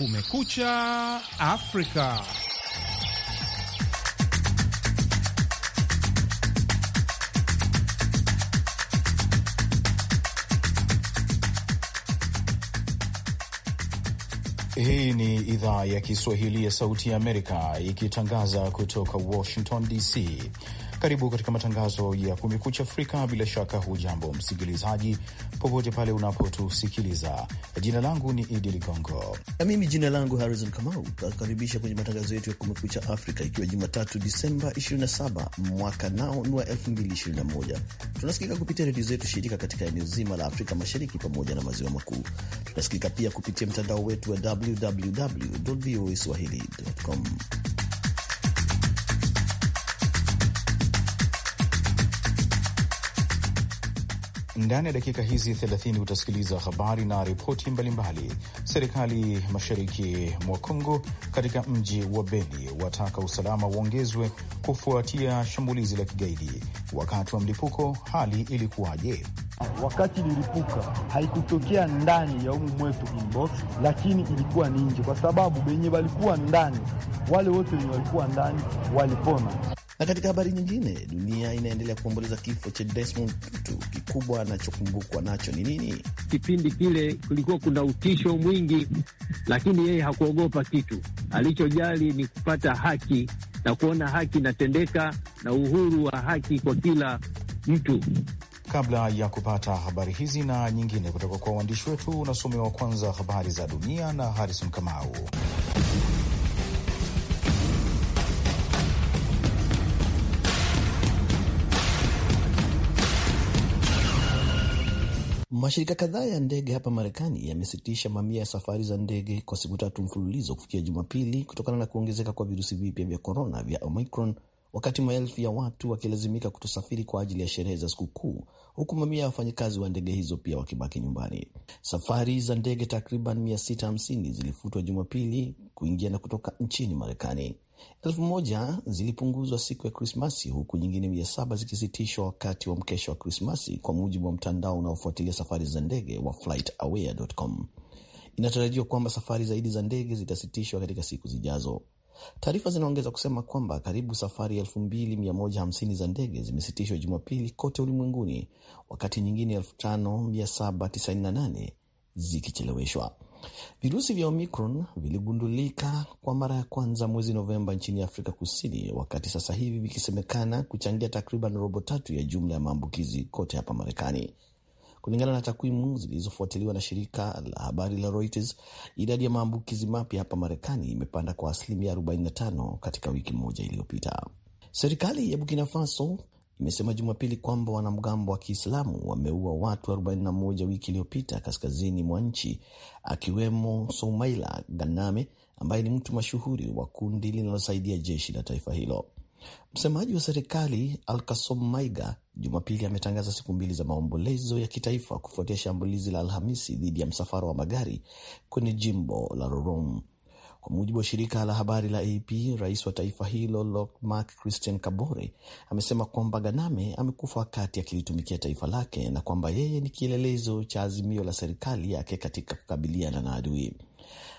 Kumekucha Afrika. Hii ni idhaa ya Kiswahili ya Sauti ya Amerika ikitangaza kutoka Washington DC. Karibu katika matangazo ya Kumekucha Afrika. Bila shaka, hujambo msikilizaji, popote pale unapotusikiliza. Jina langu ni Idi Ligongo na mimi jina langu Harrison Kamau. Tunakaribisha kwenye matangazo yetu ya Kumekucha Afrika, ikiwa Jumatatu Disemba 27 mwaka nao ni wa 2021. Tunasikika kupitia redio zetu shirika katika eneo zima la Afrika Mashariki pamoja na maziwa makuu. Tunasikika pia kupitia mtandao wetu wa www voa swahili.com. Ndani ya dakika hizi 30 utasikiliza habari na ripoti mbalimbali. Serikali mashariki mwa Kongo katika mji wa Beni wataka usalama uongezwe kufuatia shambulizi la kigaidi. Wakati wa mlipuko hali ilikuwaje? Wakati lilipuka haikutokea ndani ya umu mwetu inbox, lakini ilikuwa ni nje, kwa sababu wenye walikuwa ndani, wale wote wenye walikuwa ndani walipona. Na katika habari nyingine, dunia inaendelea kuomboleza kifo cha Desmond Tutu. Kikubwa anachokumbukwa nacho ni nini? Kipindi kile kulikuwa kuna utisho mwingi, lakini yeye hakuogopa kitu. Alichojali ni kupata haki na kuona haki inatendeka na uhuru wa haki kwa kila mtu. Kabla ya kupata habari hizi na nyingine kutoka kwa waandishi wetu, unasomewa kwanza habari za dunia na harison Kamau. Mashirika kadhaa ya ndege hapa Marekani yamesitisha mamia ya safari za ndege kwa siku tatu mfululizo kufikia Jumapili kutokana na kuongezeka kwa virusi vipya vya korona vya Omicron, wakati maelfu ya watu wakilazimika kutosafiri kwa ajili ya sherehe za sikukuu, huku mamia ya wafanyakazi wa ndege hizo pia wakibaki nyumbani. Safari za ndege takriban 650 zilifutwa Jumapili kuingia na kutoka nchini Marekani elfu moja zilipunguzwa siku ya Krismasi huku nyingine mia saba zikisitishwa wakati wa mkesha wa Krismasi, kwa mujibu wa mtandao unaofuatilia safari za ndege wa FlightAware.com. Inatarajiwa kwamba safari zaidi za ndege zitasitishwa katika siku zijazo. Taarifa zinaongeza kusema kwamba karibu safari 2150 za ndege zimesitishwa Jumapili kote ulimwenguni, wakati nyingine 5798 zikicheleweshwa. Virusi vya Omicron viligundulika kwa mara ya kwanza mwezi Novemba nchini Afrika Kusini, wakati sasa hivi vikisemekana kuchangia takriban robo tatu ya jumla ya maambukizi kote hapa Marekani. Kulingana na takwimu zilizofuatiliwa na shirika la habari la Reuters, idadi ya maambukizi mapya hapa Marekani imepanda kwa asilimia 45 katika wiki moja iliyopita. Serikali ya Burkina Faso imesema Jumapili kwamba wanamgambo wa Kiislamu wameua watu 41 wiki iliyopita kaskazini mwa nchi, akiwemo Soumaila Ganame ambaye ni mtu mashuhuri wa kundi linalosaidia jeshi la taifa hilo. Msemaji wa serikali Alkasom Maiga Jumapili ametangaza siku mbili za maombolezo ya kitaifa kufuatia shambulizi la Alhamisi dhidi ya msafara wa magari kwenye jimbo la Rorom. Kwa mujibu wa shirika la habari la AP, rais wa taifa hilo Lokmak Christian Kabore amesema kwamba Ganame amekufa wakati akilitumikia taifa lake na kwamba yeye ni kielelezo cha azimio la serikali yake katika kukabiliana na adui.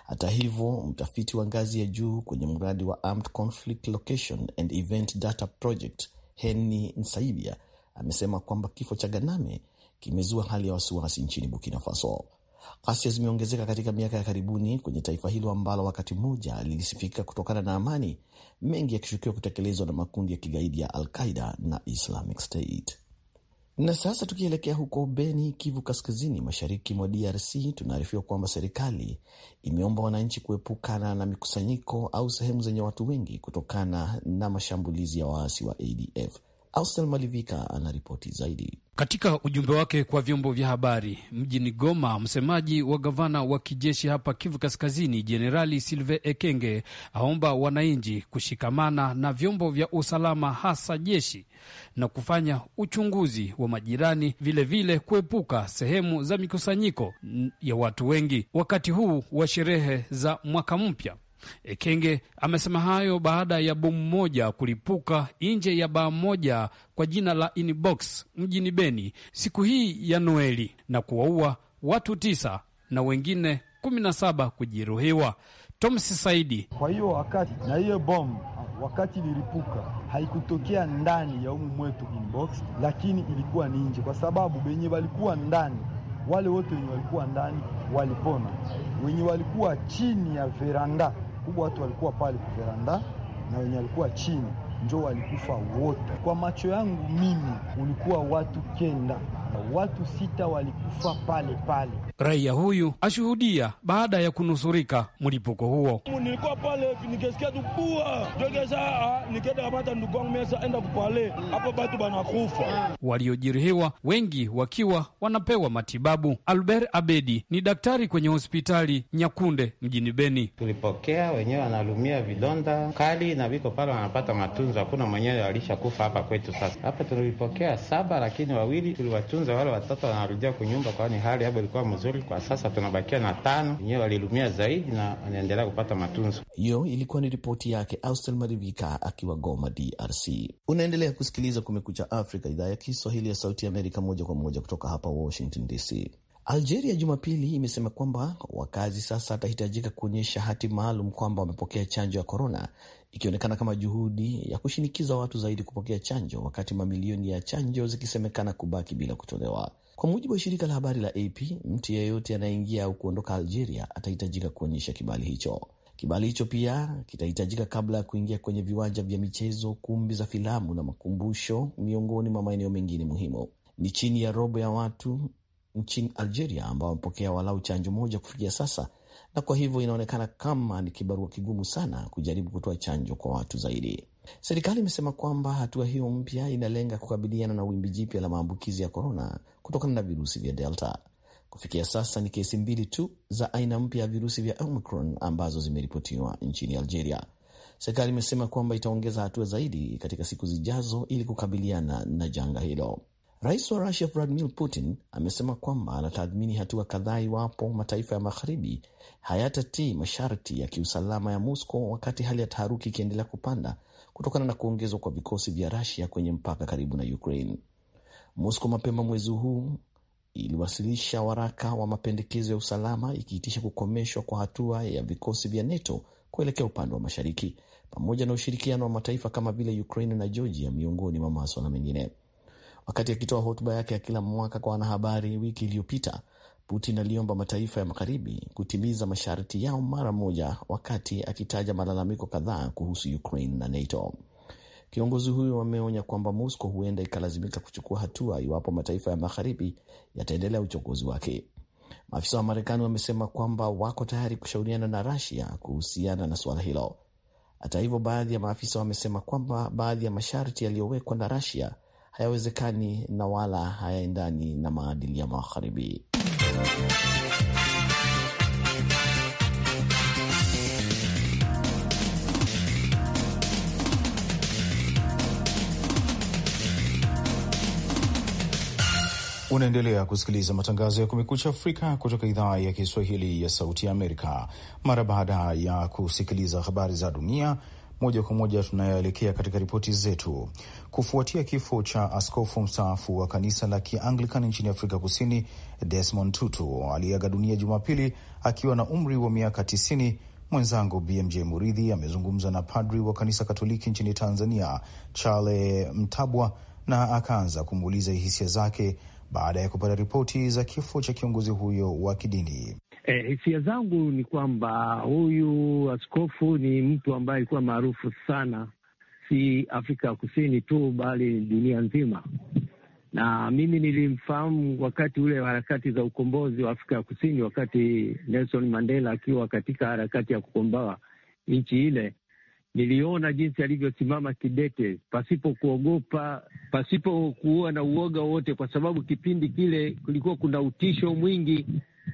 Hata hivyo, mtafiti wa ngazi ya juu kwenye mradi wa Armed Conflict Location and Event Data Project Nsaibia amesema kwamba kifo cha Ganame kimezua hali ya wasiwasi nchini Burkina Faso. Ghasia zimeongezeka katika miaka ya karibuni kwenye taifa hilo ambalo wakati mmoja lilisifika kutokana na amani, mengi yakishukiwa kutekelezwa na makundi ya kigaidi ya alqaida na Islamic State. Na sasa tukielekea huko Beni, Kivu Kaskazini, mashariki mwa DRC, tunaarifiwa kwamba serikali imeomba wananchi kuepukana na mikusanyiko au sehemu zenye watu wengi kutokana na mashambulizi ya waasi wa ADF. Austel Malivika anaripoti zaidi. Katika ujumbe wake kwa vyombo vya habari mjini Goma, msemaji wa gavana wa kijeshi hapa Kivu Kaskazini, Jenerali Silve Ekenge aomba wananchi kushikamana na vyombo vya usalama, hasa jeshi na kufanya uchunguzi wa majirani, vilevile kuepuka sehemu za mikusanyiko ya watu wengi wakati huu wa sherehe za mwaka mpya. Ekenge amesema hayo baada ya bomu moja kulipuka nje ya baa moja kwa jina la Inbox mjini Beni siku hii ya Noeli na kuwaua watu tisa na wengine kumi na saba kujeruhiwa. Toms Saidi. Kwa hiyo wakati na hiyo bomu wakati iliripuka haikutokea ndani ya umu mwetu Inbox, lakini ilikuwa ni nje, kwa sababu benye walikuwa ndani wale wote wenye walikuwa ndani walipona, wenye walikuwa chini ya veranda kubwa watu walikuwa pale kuveranda na wenye walikuwa chini njo walikufa wote. Kwa macho yangu mimi, ulikuwa watu kenda, watu sita walikufa pale pale raia huyu ashuhudia baada ya kunusurika mlipuko huo. Nilikuwa pale nikisikia tukua jogeza, ah, nikaenda kapata ndugu wangu mesa enda kupale hapo, batu banakufa. Waliojeruhiwa wengi wakiwa wanapewa matibabu. Albert Abedi ni daktari kwenye hospitali Nyakunde mjini Beni. Tulipokea wenyewe wanalumia vidonda kali na viko pale wanapata matunzo, hakuna mwenyewe walishakufa hapa kwetu. Sasa hapa tulipokea saba, lakini wawili tuliwatunza, wale watoto wanarudia kunyumba, kwani hali hapo ilikuwa mzuri. Mashauri kwa sasa tunabakia na tano, wenyewe walilumia zaidi na wanaendelea kupata matunzo. Hiyo ilikuwa ni ripoti yake Austel Marivika akiwa Goma, DRC. Unaendelea kusikiliza Kumekucha Afrika, idhaa ya Kiswahili ya Sauti Amerika, moja kwa moja kutoka hapa Washington DC. Algeria Jumapili imesema kwamba wakazi sasa atahitajika kuonyesha hati maalum kwamba wamepokea chanjo ya korona, ikionekana kama juhudi ya kushinikiza watu zaidi kupokea chanjo, wakati mamilioni ya chanjo zikisemekana kubaki bila kutolewa. Kwa mujibu wa shirika la habari la AP, mtu yeyote anayeingia au kuondoka Algeria atahitajika kuonyesha kibali hicho. Kibali hicho pia kitahitajika kabla ya kuingia kwenye viwanja vya michezo, kumbi za filamu na makumbusho, miongoni mwa maeneo mengine muhimu. Ni chini ya robo ya watu nchini Algeria ambao wamepokea walau chanjo moja kufikia sasa, na kwa hivyo inaonekana kama ni kibarua kigumu sana kujaribu kutoa chanjo kwa watu zaidi. Serikali imesema kwamba hatua hiyo mpya inalenga kukabiliana na wimbi jipya la maambukizi ya korona kutokana na virusi vya Delta. Kufikia sasa ni kesi mbili tu za aina mpya ya virusi vya Omicron ambazo zimeripotiwa nchini Algeria. Serikali imesema kwamba itaongeza hatua zaidi katika siku zijazo ili kukabiliana na janga hilo. Rais wa Rusia Vladimir Putin amesema kwamba anatathmini hatua kadhaa iwapo mataifa ya magharibi hayatatii masharti ya kiusalama ya Moscow, wakati hali ya taharuki ikiendelea kupanda kutokana na kuongezwa kwa vikosi vya Rusia kwenye mpaka karibu na Ukraine. Moscow mapema mwezi huu iliwasilisha waraka wa mapendekezo ya usalama ikiitisha kukomeshwa kwa hatua ya vikosi vya NATO kuelekea upande wa mashariki pamoja na ushirikiano wa mataifa kama vile Ukraine na Georgia miongoni mwa maswala mengine. Wakati akitoa hotuba yake ya kila mwaka kwa wanahabari wiki iliyopita, Putin aliomba mataifa ya magharibi kutimiza masharti yao mara moja, wakati akitaja malalamiko kadhaa kuhusu Ukraine na NATO. Kiongozi huyo ameonya kwamba Moscow huenda ikalazimika kuchukua hatua iwapo mataifa ya magharibi yataendelea uchokozi wake. Maafisa wa Marekani wamesema kwamba wako tayari kushauriana na rasia kuhusiana na suala hilo. Hata hivyo, baadhi ya maafisa wamesema kwamba baadhi ya masharti yaliyowekwa na rasia hayawezekani na wala hayaendani na maadili ya magharibi. Unaendelea kusikiliza matangazo ya Kumekucha Afrika kutoka idhaa ya Kiswahili ya Sauti ya Amerika. Mara baada ya kusikiliza habari za dunia moja kwa moja, tunayoelekea katika ripoti zetu. Kufuatia kifo cha askofu mstaafu wa kanisa la Kianglikan nchini Afrika Kusini, Desmond Tutu aliyeaga dunia Jumapili akiwa na umri wa miaka 90, mwenzangu BMJ Muridhi amezungumza na padri wa kanisa Katoliki nchini Tanzania, Chale Mtabwa, na akaanza kumuuliza hisia zake baada ya kupata ripoti za kifo cha kiongozi huyo wa kidini. E, hisia zangu ni kwamba huyu askofu ni mtu ambaye alikuwa maarufu sana, si Afrika ya Kusini tu bali dunia nzima, na mimi nilimfahamu wakati ule wa harakati za ukombozi wa Afrika ya Kusini, wakati Nelson Mandela akiwa katika harakati ya kukomboa nchi ile niliona jinsi alivyosimama kidete, pasipo kuogopa, pasipo kuwa na uoga wote, kwa sababu kipindi kile kulikuwa kuna utisho mwingi,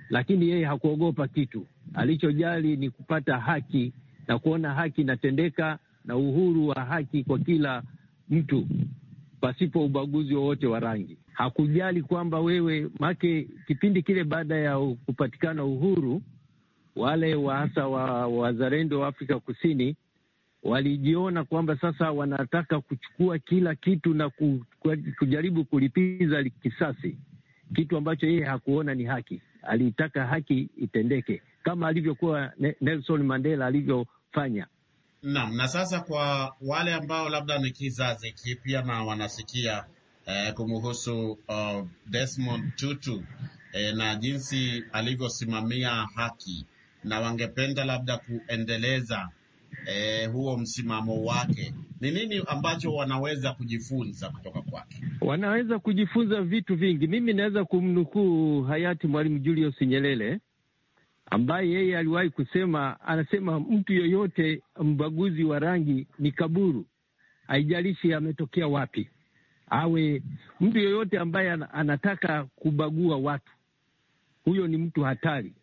lakini yeye hakuogopa kitu. Alichojali ni kupata haki na kuona haki inatendeka na uhuru wa haki kwa kila mtu pasipo ubaguzi wowote wa rangi. Hakujali kwamba wewe make, kipindi kile baada ya kupatikana uhuru, wale waasa wa wazalendo wa Afrika Kusini walijiona kwamba sasa wanataka kuchukua kila kitu na kujaribu kulipiza kisasi, kitu ambacho yeye hakuona ni haki. Alitaka haki itendeke kama alivyokuwa Nelson Mandela alivyofanya. Naam. Na sasa kwa wale ambao labda ni kizazi kipya na wanasikia eh, kumuhusu uh, Desmond Tutu eh, na jinsi alivyosimamia haki na wangependa labda kuendeleza eh, huo msimamo wake, ni nini ambacho wanaweza kujifunza kutoka kwake? Wanaweza kujifunza vitu vingi. Mimi naweza kumnukuu hayati Mwalimu Julius Nyerere ambaye yeye aliwahi kusema, anasema mtu yoyote mbaguzi wa rangi ni kaburu, haijalishi ametokea wapi, awe mtu yoyote ambaye anataka kubagua watu, huyo ni mtu hatari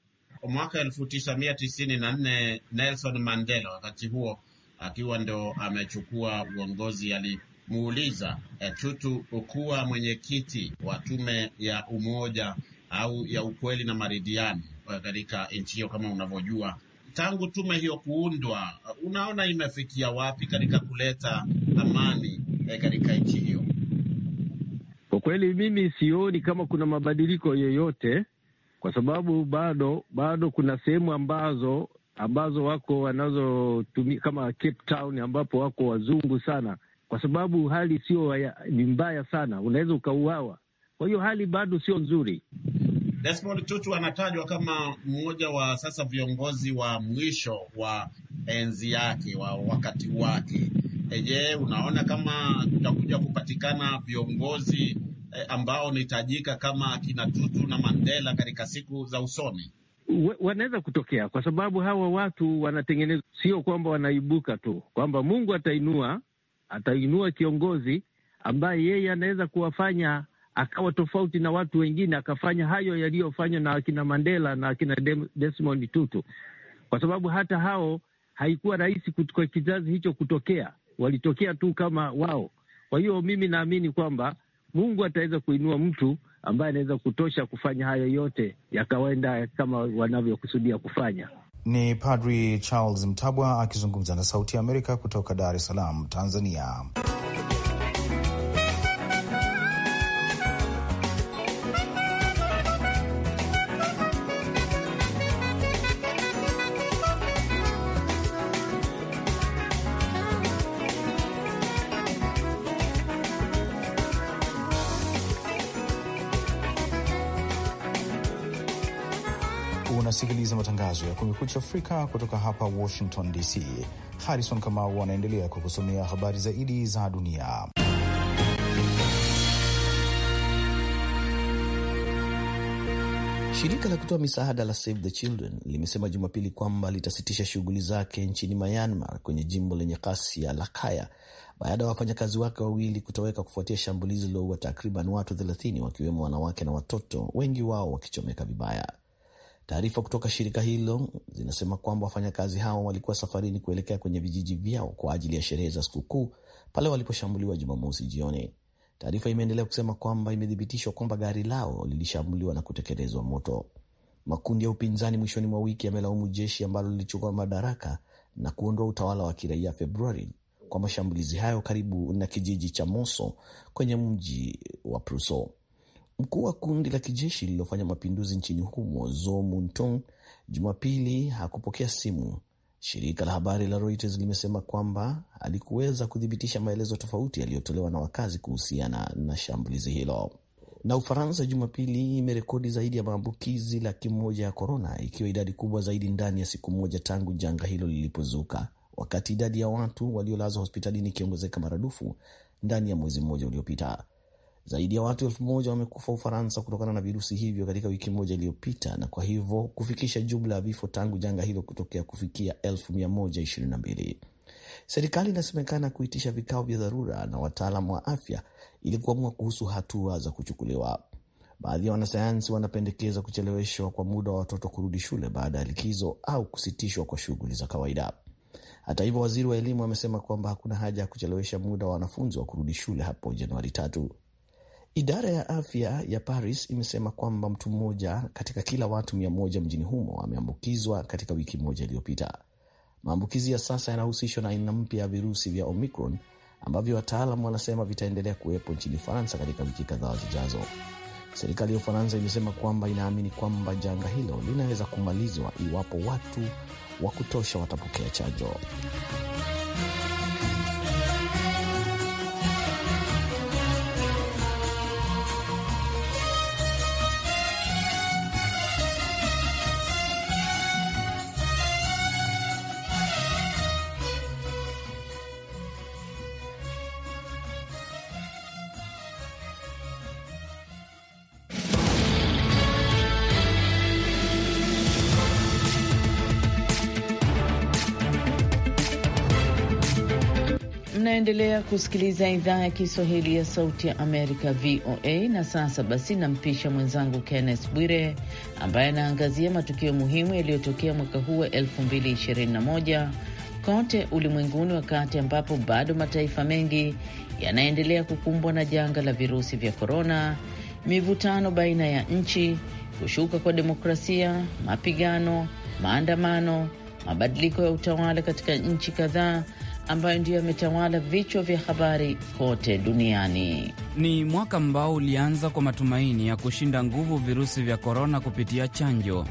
mwaka 1994 Nelson Mandela, wakati huo akiwa ndo amechukua uongozi, alimuuliza Tutu eh, kuwa mwenyekiti wa tume ya umoja au ya ukweli na maridhiano eh, katika nchi hiyo. Kama unavyojua, tangu tume hiyo kuundwa, eh, unaona imefikia wapi katika kuleta amani katika nchi hiyo? Kwa kweli mimi sioni kama kuna mabadiliko yoyote kwa sababu bado bado kuna sehemu ambazo ambazo wako wanazotumia kama Cape Town ambapo wako wazungu sana, kwa sababu hali sio ni mbaya sana, unaweza ukauawa. Kwa hiyo hali bado sio nzuri. Desmond Tutu anatajwa kama mmoja wa sasa viongozi wa mwisho wa enzi yake wa wakati wake. Je, unaona kama kutakuja kupatikana viongozi Eh, ambao ni tajika kama kina Tutu na Mandela katika siku za usoni? Wanaweza kutokea kwa sababu hawa watu wanatengeneza, sio kwamba wanaibuka tu, kwamba Mungu atainua atainua kiongozi ambaye yeye anaweza kuwafanya akawa tofauti na watu wengine, akafanya hayo yaliyofanywa na akina Mandela na akina Desmond Tutu, kwa sababu hata hao haikuwa rahisi kwa kizazi hicho kutokea, walitokea tu kama wao. Kwa hiyo mimi naamini kwamba Mungu ataweza kuinua mtu ambaye anaweza kutosha kufanya hayo yote yakawenda kama wanavyokusudia kufanya. Ni Padri Charles Mtabwa akizungumza na Sauti ya Amerika kutoka Dar es Salaam, Tanzania. unasikiliza matangazo ya Kumekucha Afrika kutoka hapa Washington DC. Harrison Kamau anaendelea kukusomea habari zaidi za dunia. Shirika la kutoa misaada la Save the Children limesema Jumapili kwamba litasitisha shughuli zake nchini Myanmar kwenye jimbo lenye kasi ya Lakaya baada ya wafanyakazi wake wawili kutoweka kufuatia shambulizi liloua takriban watu 30 wakiwemo wanawake na watoto, wengi wao wakichomeka vibaya. Taarifa kutoka shirika hilo zinasema kwamba wafanyakazi hao walikuwa safarini kuelekea kwenye vijiji vyao kwa ajili ya sherehe za sikukuu pale waliposhambuliwa Jumamosi jioni. Taarifa imeendelea kusema kwamba imethibitishwa kwamba gari lao lilishambuliwa na kutekelezwa moto. Makundi ya upinzani mwishoni mwa wiki yamelaumu jeshi ambalo lilichukua madaraka na kuondoa utawala wa kiraia Februari kwa mashambulizi hayo karibu na kijiji cha Moso kwenye mji wa Pruso. Mkuu wa kundi la kijeshi lililofanya mapinduzi nchini humo Zo Muntong Jumapili hakupokea simu. Shirika la habari la Reuters limesema kwamba alikuweza kuthibitisha maelezo tofauti yaliyotolewa na wakazi kuhusiana na shambulizi hilo. Na Ufaransa Jumapili imerekodi zaidi ya maambukizi laki moja ya korona, ikiwa idadi kubwa zaidi ndani ya siku moja tangu janga hilo lilipozuka, wakati idadi ya watu waliolazwa hospitalini ikiongezeka maradufu ndani ya mwezi mmoja uliopita. Zaidi ya watu elfu moja wamekufa Ufaransa kutokana na virusi hivyo katika wiki moja iliyopita na kwa hivyo kufikisha jumla ya vifo tangu janga hilo kutokea kufikia elfu mia moja ishirini na mbili. Serikali inasemekana kuitisha vikao vya dharura na wataalam wa afya ili kuamua kuhusu hatua za kuchukuliwa. Baadhi ya wanasayansi wanapendekeza kucheleweshwa kwa muda wa watoto kurudi shule baada ya likizo au kusitishwa kwa shughuli za kawaida. Hata hivyo, waziri wa elimu amesema kwamba hakuna haja ya kuchelewesha muda wa wanafunzi wa kurudi shule hapo Januari tatu. Idara ya afya ya Paris imesema kwamba mtu mmoja katika kila watu mia moja mjini humo ameambukizwa katika wiki moja iliyopita. Maambukizi ya sasa yanahusishwa na aina mpya ya virusi vya Omicron ambavyo wataalam wanasema vitaendelea kuwepo nchini Ufaransa katika wiki kadhaa zijazo. Serikali ya Ufaransa imesema kwamba inaamini kwamba janga hilo linaweza kumalizwa iwapo watu wa kutosha watapokea chanjo. kusikiliza idhaa ya Kiswahili ya Sauti ya Amerika, VOA. Na sasa basi, nampisha mwenzangu Kenneth Bwire ambaye anaangazia matukio muhimu yaliyotokea mwaka huu wa 2021 kote ulimwenguni, wakati ambapo bado mataifa mengi yanaendelea kukumbwa na janga la virusi vya korona, mivutano baina ya nchi, kushuka kwa demokrasia, mapigano, maandamano, mabadiliko ya utawala katika nchi kadhaa ambayo ndiyo yametawala vichwa vya habari kote duniani. Ni mwaka ambao ulianza kwa matumaini ya kushinda nguvu virusi vya korona kupitia chanjo,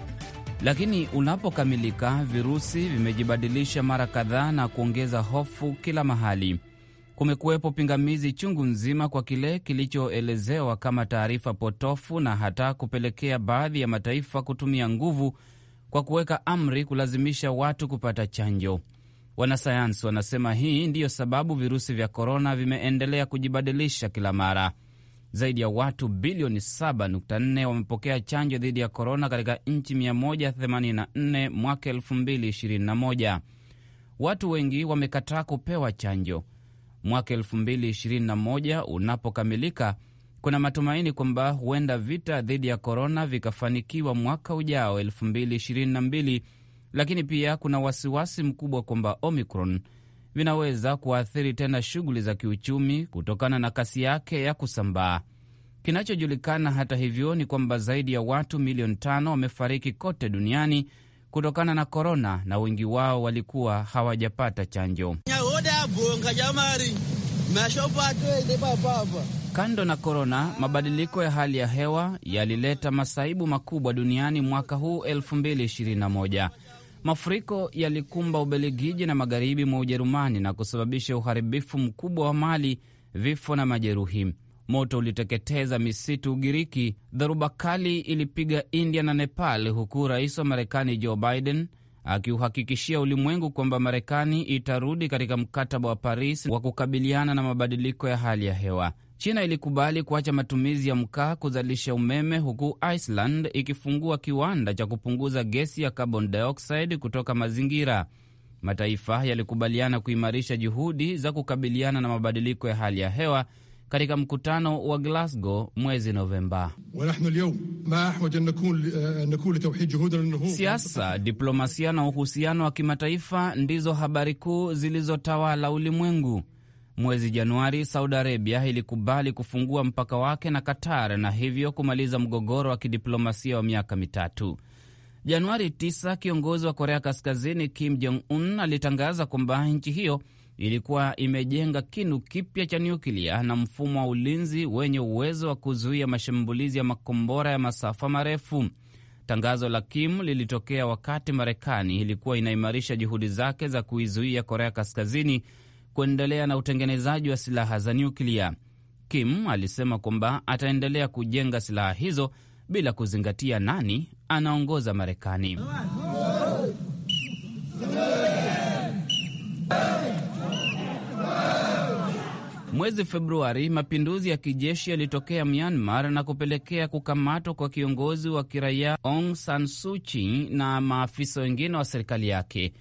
lakini unapokamilika, virusi vimejibadilisha mara kadhaa na kuongeza hofu kila mahali. Kumekuwepo pingamizi chungu nzima kwa kile kilichoelezewa kama taarifa potofu na hata kupelekea baadhi ya mataifa kutumia nguvu kwa kuweka amri kulazimisha watu kupata chanjo. Wanasayansi wanasema hii ndiyo sababu virusi vya korona vimeendelea kujibadilisha kila mara. Zaidi ya watu bilioni 7.4 wamepokea chanjo dhidi ya korona katika nchi 184 mwaka 2021. Watu wengi wamekataa kupewa chanjo. Mwaka 2021 unapokamilika, kuna matumaini kwamba huenda vita dhidi ya korona vikafanikiwa mwaka ujao 2022 lakini pia kuna wasiwasi mkubwa kwamba Omicron vinaweza kuathiri tena shughuli za kiuchumi kutokana na kasi yake ya kusambaa. Kinachojulikana hata hivyo ni kwamba zaidi ya watu milioni tano wamefariki kote duniani kutokana na korona, na wengi wao walikuwa hawajapata chanjo. Kando na korona, mabadiliko ya hali ya hewa yalileta masaibu makubwa duniani mwaka huu 2021. Mafuriko yalikumba Ubelgiji na magharibi mwa Ujerumani na kusababisha uharibifu mkubwa wa mali, vifo na majeruhi. Moto uliteketeza misitu Ugiriki. Dharuba kali ilipiga India na Nepal, huku rais wa Marekani Joe Biden akiuhakikishia ulimwengu kwamba Marekani itarudi katika mkataba wa Paris wa kukabiliana na mabadiliko ya hali ya hewa. China ilikubali kuacha matumizi ya mkaa kuzalisha umeme, huku Iceland ikifungua kiwanda cha kupunguza gesi ya carbon dioxide kutoka mazingira. Mataifa yalikubaliana kuimarisha juhudi za kukabiliana na mabadiliko ya hali ya hewa katika mkutano wa Glasgow mwezi Novemba. Eh, Siasa, diplomasia na uhusiano wa kimataifa ndizo habari kuu zilizotawala ulimwengu. Mwezi Januari, Saudi Arabia ilikubali kufungua mpaka wake na Qatar na hivyo kumaliza mgogoro wa kidiplomasia wa miaka mitatu. Januari 9, kiongozi wa Korea Kaskazini Kim Jong Un alitangaza kwamba nchi hiyo ilikuwa imejenga kinu kipya cha nyuklia na mfumo wa ulinzi wenye uwezo wa kuzuia mashambulizi ya makombora ya masafa marefu. Tangazo la Kim lilitokea wakati Marekani ilikuwa inaimarisha juhudi zake za kuizuia Korea Kaskazini kuendelea na utengenezaji wa silaha za nyuklia. Kim alisema kwamba ataendelea kujenga silaha hizo bila kuzingatia nani anaongoza Marekani. Mwezi Februari, mapinduzi ya kijeshi yalitokea Myanmar na kupelekea kukamatwa kwa kiongozi wa kiraia Aung San Suu Kyi na maafisa wengine wa serikali yake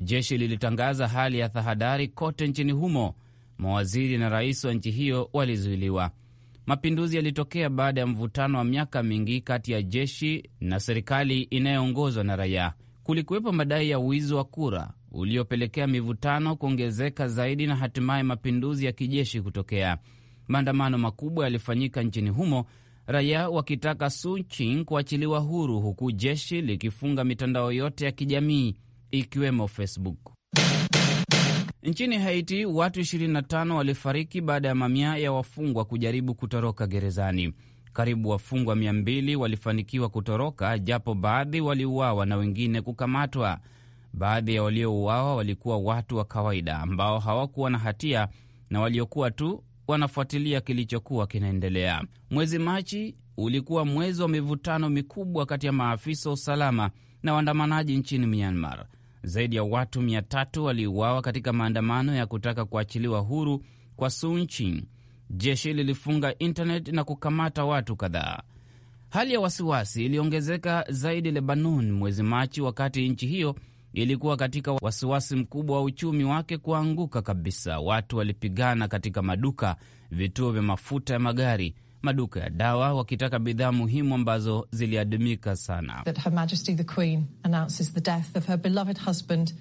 jeshi lilitangaza hali ya tahadhari kote nchini humo. Mawaziri na rais wa nchi hiyo walizuiliwa. Mapinduzi yalitokea baada ya mvutano wa miaka mingi kati ya jeshi na serikali inayoongozwa na raia. Kulikuwepo madai ya wizi wa kura uliopelekea mivutano kuongezeka zaidi na hatimaye mapinduzi ya kijeshi kutokea. Maandamano makubwa yalifanyika nchini humo, raia wakitaka Suu Kyi kuachiliwa huru, huku jeshi likifunga mitandao yote ya kijamii ikiwemo Facebook. Nchini Haiti watu 25 walifariki baada ya mamia ya wafungwa kujaribu kutoroka gerezani. Karibu wafungwa 200 walifanikiwa kutoroka, japo baadhi waliuawa na wengine kukamatwa. Baadhi ya waliouawa walikuwa watu wa kawaida ambao hawakuwa na hatia na waliokuwa tu wanafuatilia kilichokuwa kinaendelea. Mwezi Machi ulikuwa mwezi wa mivutano mikubwa kati ya maafisa wa usalama na waandamanaji nchini Myanmar. Zaidi ya watu tatu waliuawa katika maandamano ya kutaka kuachiliwa huru kwa Sunchin. Jeshi lilifunga internet na kukamata watu kadhaa. Hali ya wasiwasi iliongezeka zaidi Lebanon mwezi Machi, wakati nchi hiyo ilikuwa katika wasiwasi mkubwa wa uchumi wake kuanguka kabisa. Watu walipigana katika maduka, vituo vya mafuta ya magari maduka ya dawa wakitaka bidhaa muhimu ambazo ziliadimika sana.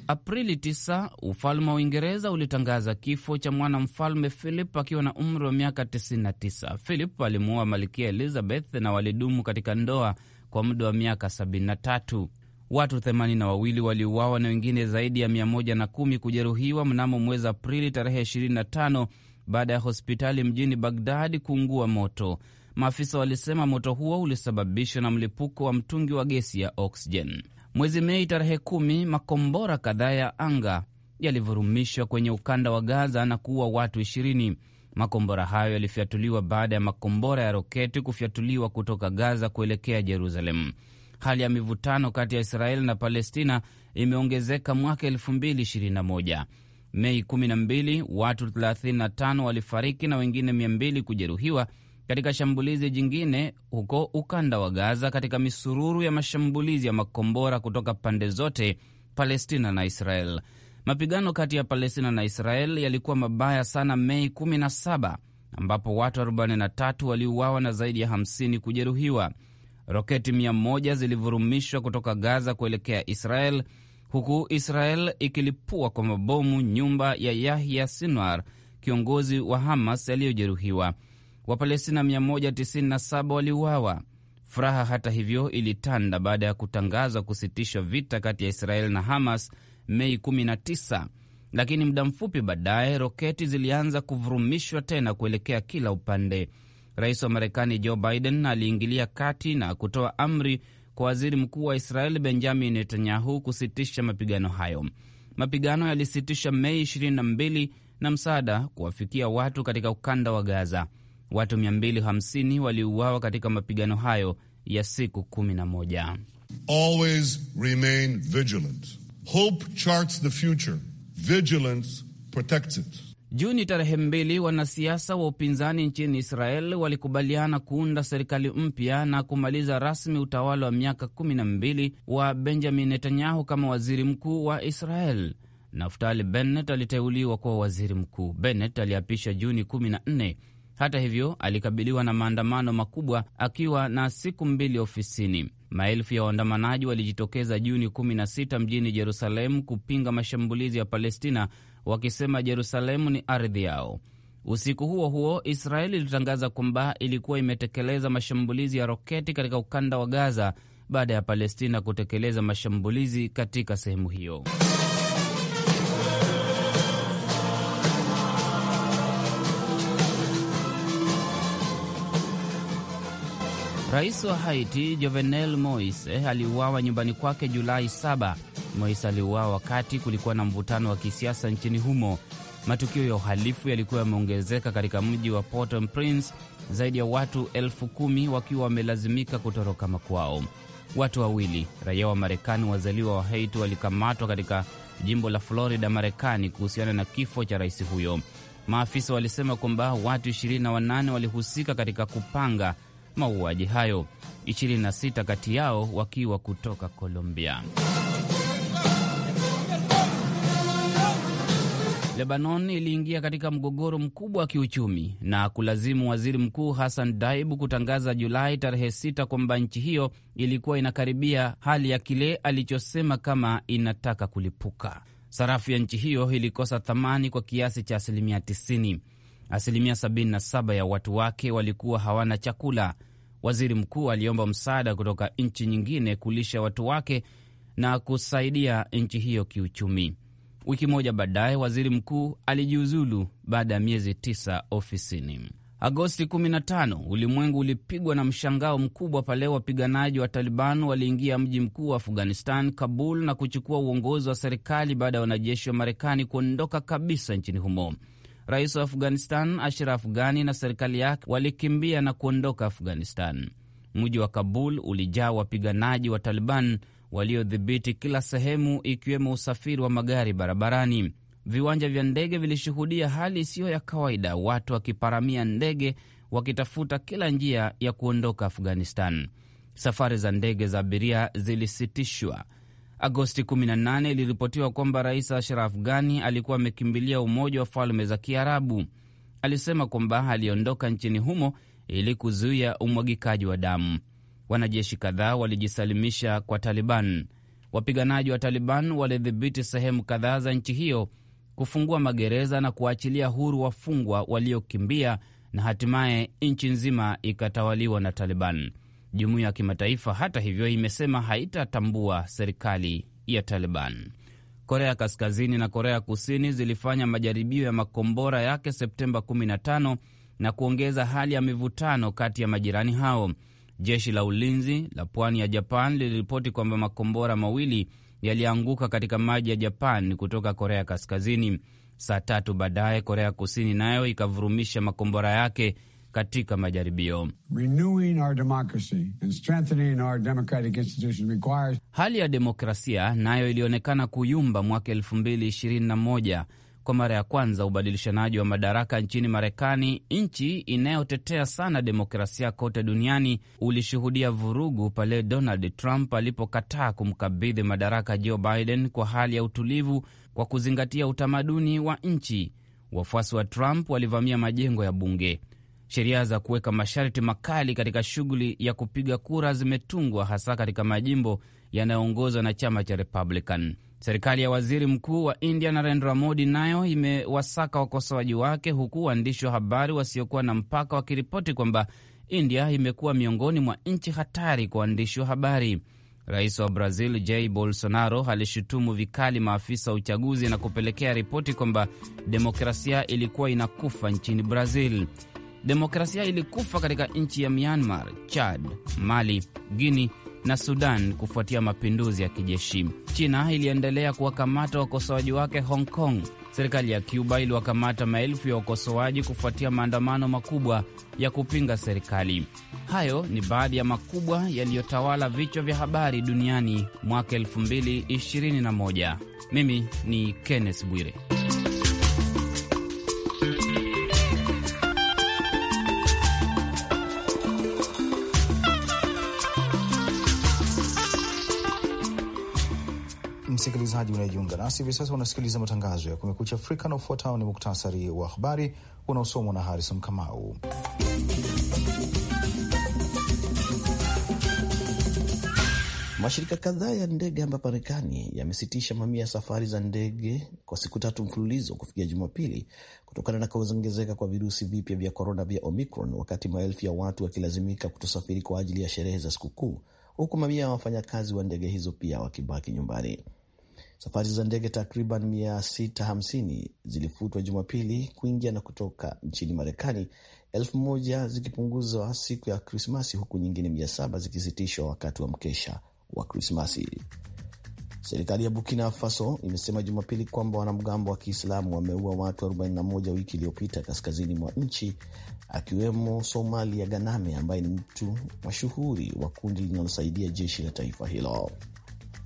Aprili 9 ufalme wa Uingereza ulitangaza kifo cha mwanamfalme Philip akiwa na umri wa miaka 99. Philip alimuua malkia Elizabeth na walidumu katika ndoa kwa muda wa miaka 73. Watu 8 wawili waliuawa na wengine zaidi ya 110 kujeruhiwa mnamo mwezi Aprili tarehe 25 baada ya hospitali mjini Bagdadi kuungua moto. Maafisa walisema moto huo ulisababishwa na mlipuko wa mtungi wa gesi ya oksijeni. Mwezi Mei tarehe kumi, makombora kadhaa ya anga yalivurumishwa kwenye ukanda wa Gaza na kuua watu ishirini. Makombora hayo yalifyatuliwa baada ya makombora ya roketi kufyatuliwa kutoka Gaza kuelekea Jerusalemu. Hali ya mivutano kati ya Israeli na Palestina imeongezeka mwaka 2021. Mei 12 watu 35 walifariki na wengine 200 kujeruhiwa katika shambulizi jingine huko ukanda wa Gaza, katika misururu ya mashambulizi ya makombora kutoka pande zote, Palestina na Israel. Mapigano kati ya Palestina na Israel yalikuwa mabaya sana Mei 17 ambapo watu 43 waliuawa na zaidi ya 50 kujeruhiwa. Roketi 100 zilivurumishwa kutoka Gaza kuelekea Israel huku Israel ikilipua kwa mabomu nyumba ya Yahya Sinwar, kiongozi wa Hamas aliyojeruhiwa. Wapalestina 197 waliuawa. Furaha hata hivyo ilitanda baada ya kutangazwa kusitishwa vita kati ya Israel na Hamas Mei 19, lakini muda mfupi baadaye roketi zilianza kuvurumishwa tena kuelekea kila upande. Rais wa Marekani Joe Biden aliingilia kati na kutoa amri kwa waziri mkuu wa Israel Benjamin Netanyahu kusitisha mapigano hayo. Mapigano yalisitisha Mei 22 na msaada kuwafikia watu katika ukanda wa Gaza. Watu 250 waliuawa katika mapigano hayo ya siku 11. Hope charts the future. Vigilance protects it. Juni tarehe mbili, wanasiasa wa upinzani nchini Israel walikubaliana kuunda serikali mpya na kumaliza rasmi utawala wa miaka kumi na mbili wa Benjamin Netanyahu kama waziri mkuu wa Israel. Naftali Bennett aliteuliwa kuwa waziri mkuu. Bennett aliapisha Juni 14. Hata hivyo, alikabiliwa na maandamano makubwa akiwa na siku mbili ofisini. Maelfu ya waandamanaji walijitokeza Juni 16 mjini jerusalemu kupinga mashambulizi ya Palestina wakisema jerusalemu ni ardhi yao. Usiku huo huo, Israeli ilitangaza kwamba ilikuwa imetekeleza mashambulizi ya roketi katika ukanda wa Gaza baada ya Palestina kutekeleza mashambulizi katika sehemu hiyo. Rais wa Haiti Jovenel Moise aliuawa nyumbani kwake Julai 7 Mois aliuawa wakati kulikuwa na mvutano wa kisiasa nchini humo. Matukio ya uhalifu yalikuwa yameongezeka katika mji wa Port-au-Prince, zaidi ya watu elfu kumi wakiwa wamelazimika kutoroka makwao. Watu wawili raia wa Marekani wazaliwa wa Haiti walikamatwa katika jimbo la Florida, Marekani, kuhusiana na kifo cha rais huyo. Maafisa walisema kwamba watu 28 walihusika katika kupanga mauaji hayo, 26 kati yao wakiwa kutoka Colombia. Lebanon iliingia katika mgogoro mkubwa wa kiuchumi na kulazimu waziri mkuu Hassan Daibu kutangaza Julai tarehe 6 kwamba nchi hiyo ilikuwa inakaribia hali ya kile alichosema kama inataka kulipuka. Sarafu ya nchi hiyo ilikosa thamani kwa kiasi cha asilimia 90. Asilimia 77 ya watu wake walikuwa hawana chakula. Waziri mkuu aliomba msaada kutoka nchi nyingine kulisha watu wake na kusaidia nchi hiyo kiuchumi. Wiki moja baadaye waziri mkuu alijiuzulu baada ya miezi tisa ofisini. Agosti 15 ulimwengu ulipigwa na mshangao mkubwa pale wapiganaji wa Taliban waliingia mji mkuu wa Afghanistan, Kabul, na kuchukua uongozi wa serikali baada ya wanajeshi wa Marekani kuondoka kabisa nchini humo. Rais wa Afghanistan Ashraf Ghani na serikali yake walikimbia na kuondoka Afghanistan. Mji wa Kabul ulijaa wapiganaji wa Taliban waliodhibiti kila sehemu, ikiwemo usafiri wa magari barabarani. Viwanja vya ndege vilishuhudia hali isiyo ya kawaida, watu wakiparamia ndege wakitafuta kila njia ya kuondoka Afghanistan. Safari za ndege za abiria zilisitishwa. Agosti 18 iliripotiwa kwamba Rais Ashraf Ghani alikuwa amekimbilia Umoja wa Falme za Kiarabu. Alisema kwamba aliondoka nchini humo ili kuzuia umwagikaji wa damu. Wanajeshi kadhaa walijisalimisha kwa Taliban. Wapiganaji wa Taliban walidhibiti sehemu kadhaa za nchi hiyo, kufungua magereza na kuwaachilia huru wafungwa waliokimbia, na hatimaye nchi nzima ikatawaliwa na Taliban. Jumuiya ya kimataifa, hata hivyo, imesema haitatambua serikali ya Taliban. Korea Kaskazini na Korea Kusini zilifanya majaribio ya makombora yake Septemba 15 na kuongeza hali ya mivutano kati ya majirani hao. Jeshi la ulinzi la pwani ya Japan liliripoti kwamba makombora mawili yalianguka katika maji ya Japan kutoka Korea Kaskazini. Saa tatu baadaye, Korea Kusini nayo ikavurumisha makombora yake katika majaribio. Hali ya demokrasia nayo ilionekana kuyumba mwaka 2021 kwa mara ya kwanza ubadilishanaji wa madaraka nchini Marekani, nchi inayotetea sana demokrasia kote duniani, ulishuhudia vurugu pale Donald Trump alipokataa kumkabidhi madaraka Joe Biden kwa hali ya utulivu, kwa kuzingatia utamaduni wa nchi. Wafuasi wa Trump walivamia majengo ya bunge. Sheria za kuweka masharti makali katika shughuli ya kupiga kura zimetungwa hasa katika majimbo yanayoongozwa na chama cha Republican. Serikali ya waziri mkuu wa India Narendra Modi nayo imewasaka wakosoaji wake, huku waandishi wa habari wasiokuwa na mpaka wakiripoti kwamba India imekuwa miongoni mwa nchi hatari kwa waandishi wa habari. Rais wa Brazil Jair Bolsonaro alishutumu vikali maafisa wa uchaguzi na kupelekea ripoti kwamba demokrasia ilikuwa inakufa nchini Brazil. Demokrasia ilikufa katika nchi ya Myanmar, Chad, Mali, Guinea na Sudan kufuatia mapinduzi ya kijeshi. China iliendelea kuwakamata wakosoaji wake Hong Kong. Serikali ya Cuba iliwakamata maelfu ya wakosoaji kufuatia maandamano makubwa ya kupinga serikali. Hayo ni baadhi ya makubwa yaliyotawala vichwa vya habari duniani mwaka 2021. Mimi ni Kenneth Bwire. msikilizaji unayejiunga nasi hivi sasa, unasikiliza matangazo ya Kumekucha Afrika na ufuatao ni muktasari wa habari unaosomwa na Harison Kamau. Mashirika kadhaa ya ndege hapa Marekani yamesitisha mamia ya safari za ndege kwa siku tatu mfululizo kufikia Jumapili kutokana na kuongezeka kwa virusi vipya vya korona vya Omicron, wakati maelfu ya watu wakilazimika kutosafiri kwa ajili ya sherehe za sikukuu, huku mamia ya wafanyakazi wa ndege hizo pia wakibaki nyumbani. Safari za ndege takriban 650 zilifutwa Jumapili kuingia na kutoka nchini Marekani, elfu moja zikipunguzwa siku ya Krismasi, huku nyingine 700 zikisitishwa wakati wa mkesha wa Krismasi. Serikali ya Burkina Faso imesema Jumapili kwamba wanamgambo wa Kiislamu wameua watu 41 wiki iliyopita kaskazini mwa nchi, akiwemo Somalia Ganame ambaye ni mtu mashuhuri wa kundi linalosaidia jeshi la taifa hilo.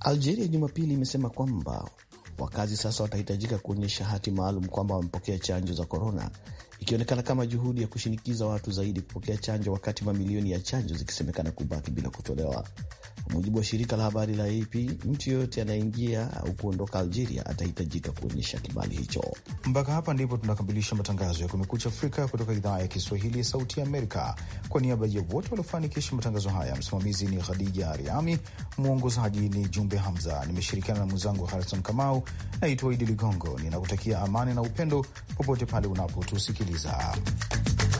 Algeria Jumapili imesema kwamba wakazi sasa watahitajika kuonyesha hati maalum kwamba wamepokea chanjo za korona ikionekana kama juhudi ya kushinikiza watu zaidi kupokea chanjo, wakati mamilioni ya chanjo zikisemekana kubaki bila kutolewa. Kwa mujibu wa shirika la habari la AP, mtu yoyote anayeingia au kuondoka Algeria atahitajika kuonyesha kibali hicho. Mpaka hapa ndipo tunakamilisha matangazo ya Kumekucha Afrika kutoka idhaa ya Kiswahili ya Sauti ya Amerika. Kwa niaba ya wote waliofanikisha matangazo haya, msimamizi ni Khadija Riami, mwongozaji ni Jumbe Hamza, nimeshirikiana na mwenzangu Harison Kamau. Naitwa Idi Ligongo, ninakutakia amani na upendo popote pale unapotusikiliza kusikiliza.